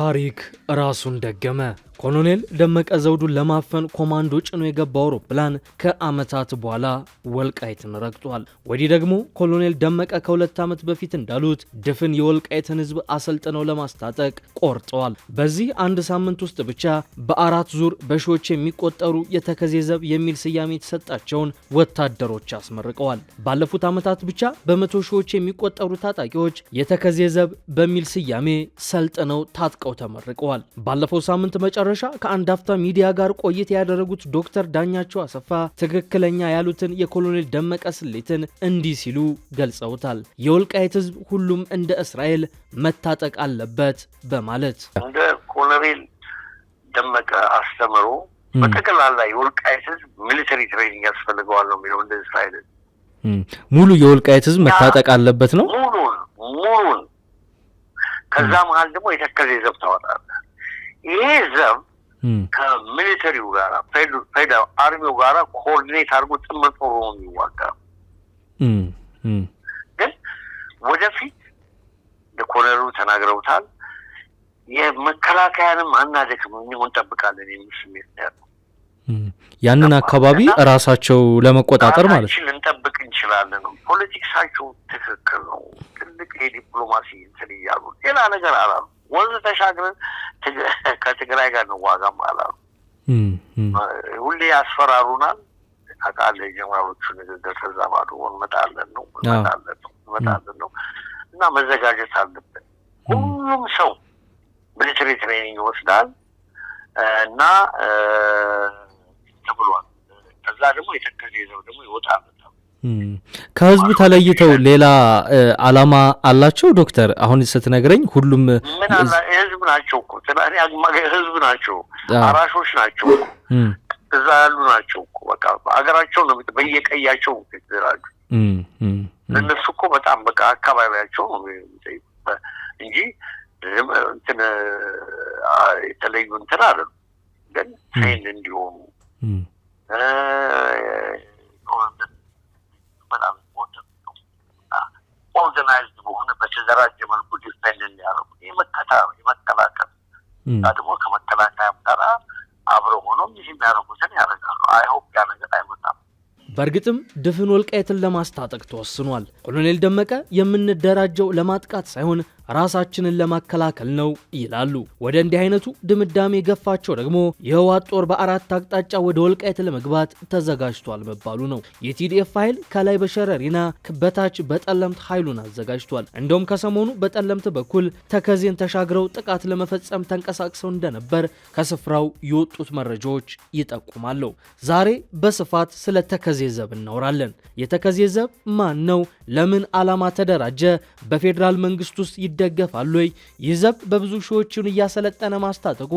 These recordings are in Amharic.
ታሪክ ራሱን ደገመ። ኮሎኔል ደመቀ ዘውዱን ለማፈን ኮማንዶ ጭኖ የገባው አውሮፕላን ከዓመታት በኋላ ወልቃይትን ረግጧል። ወዲህ ደግሞ ኮሎኔል ደመቀ ከሁለት ዓመት በፊት እንዳሉት ድፍን የወልቃይትን ሕዝብ አሰልጥነው ለማስታጠቅ ቆርጠዋል። በዚህ አንድ ሳምንት ውስጥ ብቻ በአራት ዙር በሺዎች የሚቆጠሩ የተከዜ ዘብ የሚል ስያሜ የተሰጣቸውን ወታደሮች አስመርቀዋል። ባለፉት ዓመታት ብቻ በመቶ ሺዎች የሚቆጠሩ ታጣቂዎች የተከዜ ዘብ በሚል ስያሜ ሰልጥነው ታጥቀው ተመርቀዋል። ባለፈው ሳምንት መጨረ በመጨረሻ ከአንድ አፍታ ሚዲያ ጋር ቆይታ ያደረጉት ዶክተር ዳኛቸው አሰፋ ትክክለኛ ያሉትን የኮሎኔል ደመቀ ስሌትን እንዲህ ሲሉ ገልጸውታል። የወልቃይት ሕዝብ ሁሉም እንደ እስራኤል መታጠቅ አለበት በማለት እንደ ኮሎኔል ደመቀ አስተምሮ በጠቅላላ የወልቃይት ሕዝብ ሚሊተሪ ትሬኒንግ ያስፈልገዋል ነው የሚለው እንደ እስራኤል ሙሉ የወልቃይት ሕዝብ መታጠቅ አለበት ነው ሙሉን ሙሉን ከዛ መሀል ደግሞ የተከዜ ዘብ ታወጣለህ ይህ ዘብ ከሚሊተሪው ጋር ፌደራል አርሚው ጋር ኮኦርዲኔት አድርጎ ጥምር ጦር ነው የሚዋጋ። ግን ወደፊት ለኮሎኔሉ ተናግረውታል። የመከላከያንም አናደክም እንጠብቃለን የሚል ስሜት ነው ያለው ያንን አካባቢ እራሳቸው ለመቆጣጠር ማለት ነው። ልንጠብቅ እንችላለን። ፖለቲክሳቸው ትክክል ነው። ትልቅ የዲፕሎማሲ እንትን እያሉ ሌላ ነገር አላሉ። ወንዝ ተሻግረን ከትግራይ ጋር እንዋጋም ነው። ሁሌ ያስፈራሩናል። አቃለ የጀነራሎቹ ንግግር ከዛ እንመጣለን ነው እንመጣለን ነው እንመጣለን ነው እና መዘጋጀት አለብን። ሁሉም ሰው ሚሊትሪ ትሬኒንግ ይወስዳል እና ተብሏል። ከዛ ደግሞ የተከዜ ዘው ደግሞ ይወጣል። ከህዝቡ ተለይተው ሌላ አላማ አላቸው። ዶክተር አሁን ስትነግረኝ ሁሉም ምን አላ ህዝብ ናቸው ህዝብ ናቸው፣ አራሾች ናቸው፣ እዛ ያሉ ናቸው። እኮ በቃ በሀገራቸው ነው በየቀያቸው ይላሉ። እነሱ እኮ በጣም በቃ አካባቢያቸው እንጂ እንትን የተለዩ እንትን አለ ግን ሴን እንዲሆኑ ሁኔታ የመቀላቀል እና ደግሞ ከመከላከያም ጋር አብሮ ሆኖም ይህ የሚያደርጉትን ያደርጋሉ። አይሆፕ ያ ነገር አይመጣም። በእርግጥም ድፍን ወልቃየትን ለማስታጠቅ ተወስኗል። ኮሎኔል ደመቀ የምንደራጀው ለማጥቃት ሳይሆን ራሳችንን ለማከላከል ነው ይላሉ። ወደ እንዲህ አይነቱ ድምዳሜ የገፋቸው ደግሞ የህወሓት ጦር በአራት አቅጣጫ ወደ ወልቃይት ለመግባት ተዘጋጅቷል መባሉ ነው። የቲዲኤፍ ኃይል ከላይ በሸረሪና በታች በጠለምት ኃይሉን አዘጋጅቷል። እንደውም ከሰሞኑ በጠለምት በኩል ተከዜን ተሻግረው ጥቃት ለመፈጸም ተንቀሳቅሰው እንደነበር ከስፍራው የወጡት መረጃዎች ይጠቁማሉ። ዛሬ በስፋት ስለ ተከዜ ዘብ እናወራለን። የተከዜ ዘብ ማን ነው? ለምን ዓላማ ተደራጀ? በፌዴራል መንግስት ውስጥ ይደገፋሉ ወይ? ይህ ዘብ በብዙ ሺዎችን እያሰለጠነ ማስታጠቁ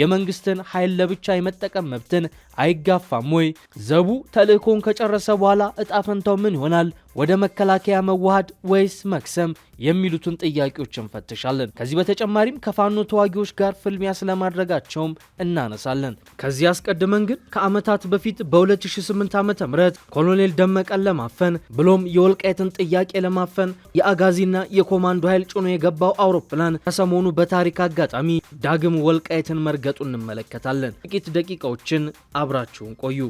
የመንግስትን ኃይል ለብቻ የመጠቀም መብትን አይጋፋም ወይ? ዘቡ ተልእኮውን ከጨረሰ በኋላ እጣ ፈንታው ምን ይሆናል? ወደ መከላከያ መዋሃድ ወይስ መክሰም የሚሉትን ጥያቄዎች እንፈትሻለን። ከዚህ በተጨማሪም ከፋኖ ተዋጊዎች ጋር ፍልሚያ ስለማድረጋቸውም እናነሳለን። ከዚህ አስቀድመን ግን ከዓመታት በፊት በ2008 ዓ ም ኮሎኔል ደመቀን ለማፈን ብሎም የወልቃየትን ጥያቄ ለማፈን የአጋዚና የኮማንዶ ኃይል ጭኖ የገባው አውሮፕላን ከሰሞኑ በታሪክ አጋጣሚ ዳግም ወልቃየትን መርገጡ እንመለከታለን። ጥቂት ደቂቃዎችን አብራችሁን ቆዩ።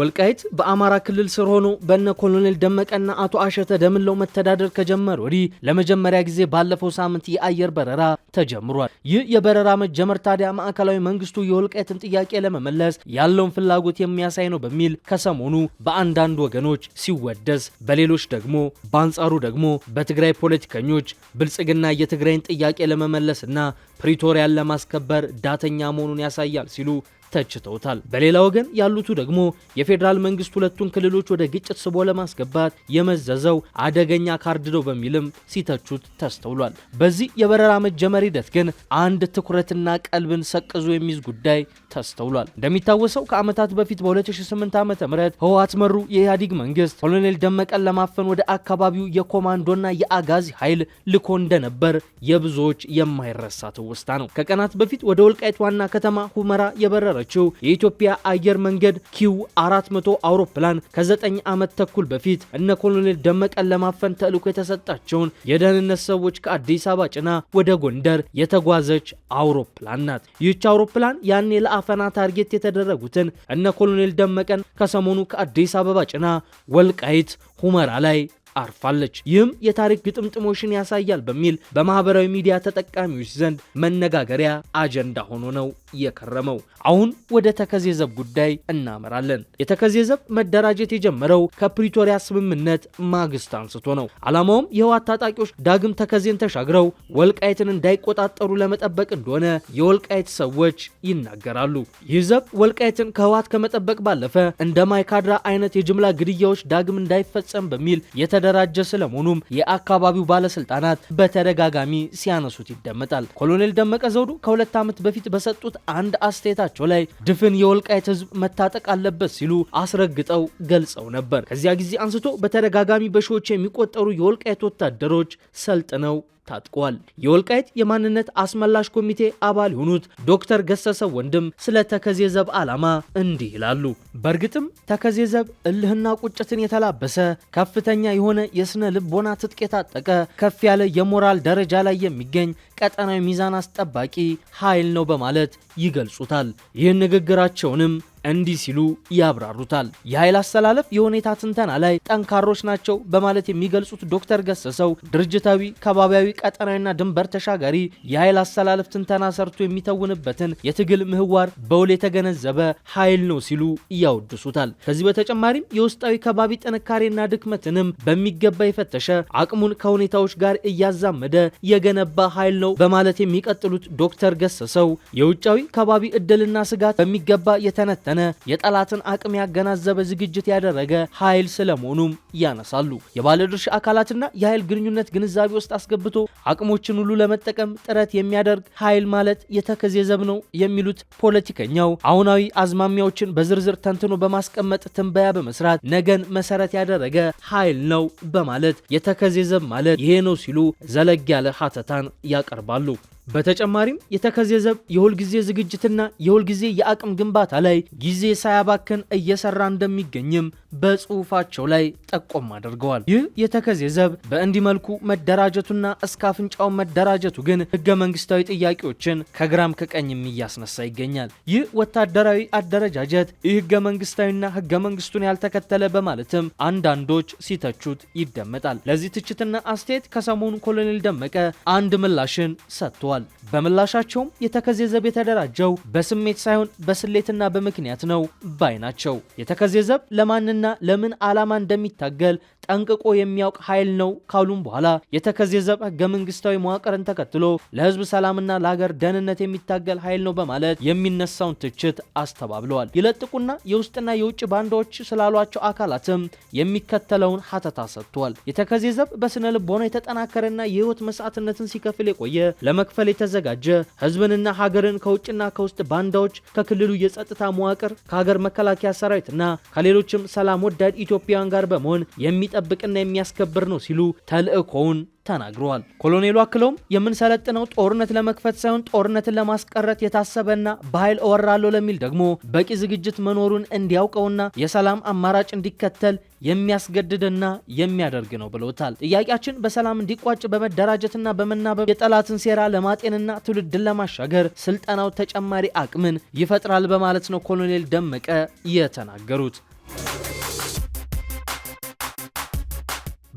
ወልቃይት በአማራ ክልል ስር ሆኖ በነ ኮሎኔል ደመቀና አቶ አሸተ ደምለው መተዳደር ከጀመረ ወዲህ ለመጀመሪያ ጊዜ ባለፈው ሳምንት የአየር በረራ ተጀምሯል። ይህ የበረራ መጀመር ታዲያ ማዕከላዊ መንግስቱ የወልቃይትን ጥያቄ ለመመለስ ያለውን ፍላጎት የሚያሳይ ነው በሚል ከሰሞኑ በአንዳንድ ወገኖች ሲወደስ፣ በሌሎች ደግሞ በአንጻሩ ደግሞ በትግራይ ፖለቲከኞች ብልጽግና የትግራይን ጥያቄ ለመመለስና ፕሪቶሪያን ለማስከበር ዳተኛ መሆኑን ያሳያል ሲሉ ተችተውታል። በሌላ ወገን ያሉቱ ደግሞ የፌዴራል መንግስት ሁለቱን ክልሎች ወደ ግጭት ስቦ ለማስገባት የመዘዘው አደገኛ ካርድ ነው በሚልም ሲተቹት ተስተውሏል። በዚህ የበረራ መጀመር ሂደት ግን አንድ ትኩረትና ቀልብን ሰቅዞ የሚይዝ ጉዳይ ተስተውሏል። እንደሚታወሰው ከዓመታት በፊት በ2008 ዓ ም ህወሓት መሩ የኢህአዲግ መንግስት ኮሎኔል ደመቀን ለማፈን ወደ አካባቢው የኮማንዶና የአጋዚ ኃይል ልኮ እንደነበር የብዙዎች የማይረሳ ትውስታ ነው። ከቀናት በፊት ወደ ወልቃይት ዋና ከተማ ሁመራ የበረረ የነበረችው የኢትዮጵያ አየር መንገድ ኪው 400 አውሮፕላን ከዘጠኝ ዓመት ተኩል በፊት እነ ኮሎኔል ደመቀን ለማፈን ተልዕኮ የተሰጣቸውን የደህንነት ሰዎች ከአዲስ አበባ ጭና ወደ ጎንደር የተጓዘች አውሮፕላን ናት። ይህች አውሮፕላን ያኔ ለአፈና ታርጌት የተደረጉትን እነ ኮሎኔል ደመቀን ከሰሞኑ ከአዲስ አበባ ጭና ወልቃይት ሁመራ ላይ አርፋለች። ይህም የታሪክ ግጥምጥሞሽን ያሳያል በሚል በማህበራዊ ሚዲያ ተጠቃሚዎች ዘንድ መነጋገሪያ አጀንዳ ሆኖ ነው የከረመው። አሁን ወደ ተከዜ ዘብ ጉዳይ እናመራለን። የተከዜ ዘብ መደራጀት የጀመረው ከፕሪቶሪያ ስምምነት ማግስት አንስቶ ነው። ዓላማውም የህወሓት ታጣቂዎች ዳግም ተከዜን ተሻግረው ወልቃይትን እንዳይቆጣጠሩ ለመጠበቅ እንደሆነ የወልቃይት ሰዎች ይናገራሉ። ይህ ዘብ ወልቃይትን ከህወሓት ከመጠበቅ ባለፈ እንደ ማይካድራ አይነት የጅምላ ግድያዎች ዳግም እንዳይፈጸም በሚል የተ የተደራጀ ስለመሆኑም የአካባቢው ባለስልጣናት በተደጋጋሚ ሲያነሱት ይደመጣል። ኮሎኔል ደመቀ ዘውዱ ከሁለት ዓመት በፊት በሰጡት አንድ አስተያየታቸው ላይ ድፍን የወልቃይት ህዝብ መታጠቅ አለበት ሲሉ አስረግጠው ገልጸው ነበር። ከዚያ ጊዜ አንስቶ በተደጋጋሚ በሺዎች የሚቆጠሩ የወልቃይት ወታደሮች ሰልጥነው ታጥቋል። የወልቃይት የማንነት አስመላሽ ኮሚቴ አባል የሆኑት ዶክተር ገሰሰ ወንድም ስለ ተከዜዘብ ዓላማ እንዲህ ይላሉ። በእርግጥም ተከዜዘብ እልህና ቁጭትን የተላበሰ ከፍተኛ የሆነ የስነ ልቦና ትጥቅ የታጠቀ ከፍ ያለ የሞራል ደረጃ ላይ የሚገኝ ቀጠናዊ ሚዛን አስጠባቂ ኃይል ነው በማለት ይገልጹታል። ይህን ንግግራቸውንም እንዲህ ሲሉ ያብራሩታል። የኃይል አሰላለፍ የሁኔታ ትንተና ላይ ጠንካሮች ናቸው በማለት የሚገልጹት ዶክተር ገሰሰው ድርጅታዊ፣ ከባቢያዊ፣ ቀጠናዊና ድንበር ተሻጋሪ የኃይል አሰላለፍ ትንተና ሰርቶ የሚተውንበትን የትግል ምህዋር በውል የተገነዘበ ኃይል ነው ሲሉ ያወድሱታል። ከዚህ በተጨማሪም የውስጣዊ ከባቢ ጥንካሬና ድክመትንም በሚገባ የፈተሸ አቅሙን ከሁኔታዎች ጋር እያዛመደ የገነባ ኃይል ነው በማለት የሚቀጥሉት ዶክተር ገሰሰው የውጫዊ ከባቢ እድልና ስጋት በሚገባ የተነተ የሰለጠነ የጠላትን አቅም ያገናዘበ ዝግጅት ያደረገ ኃይል ስለመሆኑም ያነሳሉ። የባለድርሻ አካላትና የኃይል ግንኙነት ግንዛቤ ውስጥ አስገብቶ አቅሞችን ሁሉ ለመጠቀም ጥረት የሚያደርግ ኃይል ማለት የተከዜ ዘብ ነው የሚሉት ፖለቲከኛው አሁናዊ አዝማሚያዎችን በዝርዝር ተንትኖ በማስቀመጥ ትንበያ በመስራት ነገን መሰረት ያደረገ ኃይል ነው በማለት የተከዜ ዘብ ማለት ይሄ ነው ሲሉ ዘለግ ያለ ሀተታን ያቀርባሉ። በተጨማሪም የተከዜ ዘብ የሁልጊዜ ዝግጅትና የሁልጊዜ የአቅም ግንባታ ላይ ጊዜ ሳያባክን እየሰራ እንደሚገኝም በጽሁፋቸው ላይ ጠቆም አድርገዋል። ይህ የተከዜ ዘብ በእንዲህ መልኩ መደራጀቱና እስከ አፍንጫው መደራጀቱ ግን ህገ መንግስታዊ ጥያቄዎችን ከግራም ከቀኝም እያስነሳ ይገኛል። ይህ ወታደራዊ አደረጃጀት ይህ ህገ መንግስታዊና ህገ መንግስቱን ያልተከተለ በማለትም አንዳንዶች ሲተቹት ይደመጣል። ለዚህ ትችትና አስተያየት ከሰሞኑ ኮሎኔል ደመቀ አንድ ምላሽን ሰጥተዋል። ብለዋል። በምላሻቸውም የተከዜ ዘብ የተደራጀው በስሜት ሳይሆን በስሌትና በምክንያት ነው ባይ ናቸው። የተከዜ ዘብ ለማንና ለምን ዓላማ እንደሚታገል ጠንቅቆ የሚያውቅ ኃይል ነው ካሉም በኋላ የተከዜ ዘብ ህገ መንግስታዊ መዋቅርን ተከትሎ ለህዝብ ሰላምና ለሀገር ደህንነት የሚታገል ኃይል ነው በማለት የሚነሳውን ትችት አስተባብለዋል። ይለጥቁና የውስጥና የውጭ ባንዳዎች ስላሏቸው አካላትም የሚከተለውን ሀተታ ሰጥቷል። የተከዜ ዘብ በስነ ልቦና የተጠናከረና የህይወት መስዋዕትነትን ሲከፍል የቆየ ለመክፈል የተዘጋጀ ህዝብንና ሀገርን ከውጭና ከውስጥ ባንዳዎች ከክልሉ የጸጥታ መዋቅር ከሀገር መከላከያ ሰራዊትና ከሌሎችም ሰላም ወዳድ ኢትዮጵያውያን ጋር በመሆን የሚ የሚጠብቅና የሚያስከብር ነው ሲሉ ተልእኮውን ተናግረዋል። ኮሎኔሉ አክለውም የምንሰለጥነው ጦርነት ለመክፈት ሳይሆን ጦርነትን ለማስቀረት የታሰበና በኃይል እወራለሁ ለሚል ደግሞ በቂ ዝግጅት መኖሩን እንዲያውቀውና የሰላም አማራጭ እንዲከተል የሚያስገድድና የሚያደርግ ነው ብለውታል። ጥያቄያችን በሰላም እንዲቋጭ በመደራጀትና በመናበብ የጠላትን ሴራ ለማጤንና ትውልድን ለማሻገር ስልጠናው ተጨማሪ አቅምን ይፈጥራል በማለት ነው ኮሎኔል ደመቀ የተናገሩት።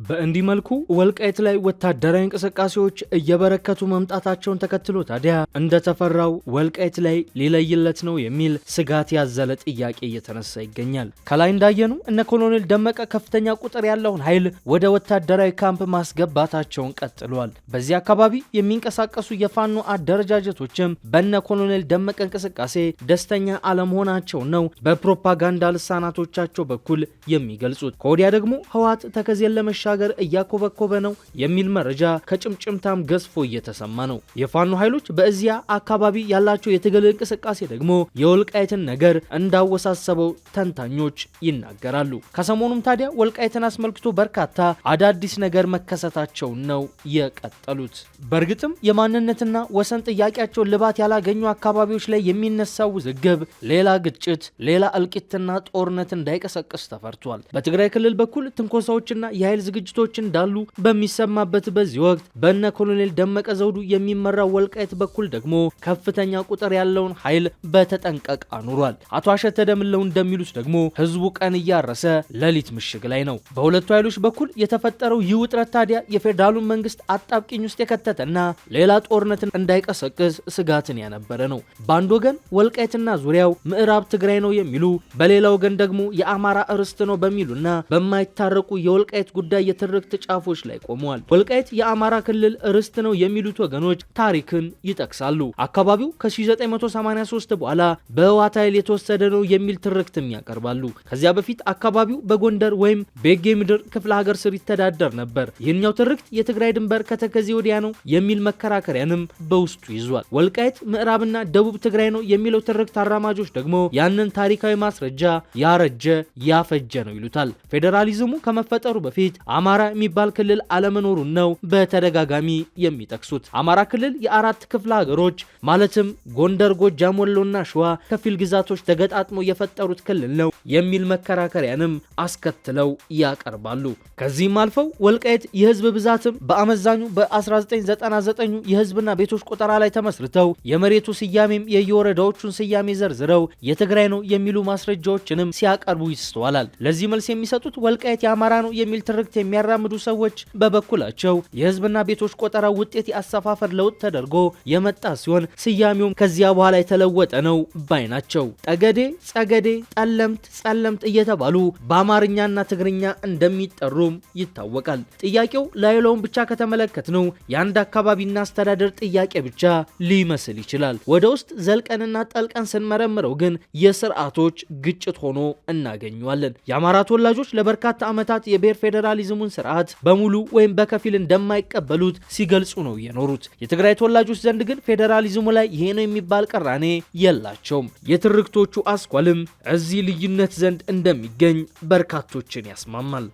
በእንዲህ መልኩ ወልቃይት ላይ ወታደራዊ እንቅስቃሴዎች እየበረከቱ መምጣታቸውን ተከትሎ ታዲያ እንደተፈራው ወልቃይት ላይ ሊለይለት ነው የሚል ስጋት ያዘለ ጥያቄ እየተነሳ ይገኛል። ከላይ እንዳየኑ እነ ኮሎኔል ደመቀ ከፍተኛ ቁጥር ያለውን ኃይል ወደ ወታደራዊ ካምፕ ማስገባታቸውን ቀጥለዋል። በዚህ አካባቢ የሚንቀሳቀሱ የፋኖ አደረጃጀቶችም በእነ ኮሎኔል ደመቀ እንቅስቃሴ ደስተኛ አለመሆናቸው ነው በፕሮፓጋንዳ ልሳናቶቻቸው በኩል የሚገልጹት። ከወዲያ ደግሞ ህወሓት ተከዜን ለመሻ ሀገር እያኮበኮበ ነው የሚል መረጃ ከጭምጭምታም ገዝፎ እየተሰማ ነው። የፋኖ ኃይሎች በዚያ አካባቢ ያላቸው የትግል እንቅስቃሴ ደግሞ የወልቃይትን ነገር እንዳወሳሰበው ተንታኞች ይናገራሉ። ከሰሞኑም ታዲያ ወልቃይትን አስመልክቶ በርካታ አዳዲስ ነገር መከሰታቸውን ነው የቀጠሉት። በእርግጥም የማንነትና ወሰን ጥያቄያቸውን ልባት ያላገኙ አካባቢዎች ላይ የሚነሳው ውዝግብ ሌላ ግጭት፣ ሌላ እልቂትና ጦርነት እንዳይቀሰቅስ ተፈርቷል። በትግራይ ክልል በኩል ትንኮሳዎችና የኃይል ዝግጅ ዝግጅቶች እንዳሉ በሚሰማበት በዚህ ወቅት በነ ኮሎኔል ደመቀ ዘውዱ የሚመራው ወልቃይት በኩል ደግሞ ከፍተኛ ቁጥር ያለውን ኃይል በተጠንቀቅ አኑሯል። አቶ አሸተ ደምለው እንደሚሉት ደግሞ ህዝቡ ቀን እያረሰ ሌሊት ምሽግ ላይ ነው። በሁለቱ ኃይሎች በኩል የተፈጠረው ይህ ውጥረት ታዲያ የፌዴራሉን መንግስት አጣብቂኝ ውስጥ የከተተና ሌላ ጦርነትን እንዳይቀሰቅስ ስጋትን ያነበረ ነው። በአንድ ወገን ወልቃይትና ዙሪያው ምዕራብ ትግራይ ነው የሚሉ፣ በሌላ ወገን ደግሞ የአማራ እርስት ነው በሚሉና በማይታረቁ የወልቃይት ጉዳይ የትርክት ጫፎች ላይ ቆመዋል። ወልቃይት የአማራ ክልል ርስት ነው የሚሉት ወገኖች ታሪክን ይጠቅሳሉ። አካባቢው ከ1983 በኋላ በህወሓት ኃይል የተወሰደ ነው የሚል ትርክትም ያቀርባሉ። ከዚያ በፊት አካባቢው በጎንደር ወይም በጌ ምድር ክፍለ ሀገር ስር ይተዳደር ነበር። ይህኛው ትርክት የትግራይ ድንበር ከተከዜ ወዲያ ነው የሚል መከራከሪያንም በውስጡ ይዟል። ወልቃይት ምዕራብና ደቡብ ትግራይ ነው የሚለው ትርክት አራማጆች ደግሞ ያንን ታሪካዊ ማስረጃ ያረጀ ያፈጀ ነው ይሉታል። ፌዴራሊዝሙ ከመፈጠሩ በፊት አማራ የሚባል ክልል አለመኖሩን ነው በተደጋጋሚ የሚጠቅሱት። አማራ ክልል የአራት ክፍለ ሀገሮች ማለትም ጎንደር፣ ጎጃም፣ ወሎና ሸዋ ከፊል ግዛቶች ተገጣጥሞ የፈጠሩት ክልል ነው የሚል መከራከሪያንም አስከትለው ያቀርባሉ። ከዚህም አልፈው ወልቃየት የህዝብ ብዛትም በአመዛኙ በ1999 የህዝብና ቤቶች ቆጠራ ላይ ተመስርተው የመሬቱ ስያሜም የየወረዳዎቹን ስያሜ ዘርዝረው የትግራይ ነው የሚሉ ማስረጃዎችንም ሲያቀርቡ ይስተዋላል። ለዚህ መልስ የሚሰጡት ወልቃየት የአማራ ነው የሚል ትርክት የሚያራምዱ ሰዎች በበኩላቸው የህዝብና ቤቶች ቆጠራ ውጤት የአሰፋፈር ለውጥ ተደርጎ የመጣ ሲሆን ስያሜውም ከዚያ በኋላ የተለወጠ ነው ባይ ናቸው። ጠገዴ፣ ጸገዴ፣ ጠለምት፣ ጸለምት እየተባሉ በአማርኛና ትግርኛ እንደሚጠሩም ይታወቃል። ጥያቄው ላይለውን ብቻ ከተመለከት ነው የአንድ አካባቢና አስተዳደር ጥያቄ ብቻ ሊመስል ይችላል። ወደ ውስጥ ዘልቀንና ጠልቀን ስንመረምረው ግን የስርዓቶች ግጭት ሆኖ እናገኘዋለን። የአማራ ተወላጆች ለበርካታ ዓመታት የብሔር ፌዴራሊዝሙ የአሁኑን ስርዓት በሙሉ ወይም በከፊል እንደማይቀበሉት ሲገልጹ ነው የኖሩት። የትግራይ ተወላጆች ዘንድ ግን ፌዴራሊዝሙ ላይ ይሄ ነው የሚባል ቅራኔ የላቸውም። የትርክቶቹ አስኳልም እዚህ ልዩነት ዘንድ እንደሚገኝ በርካቶችን ያስማማል።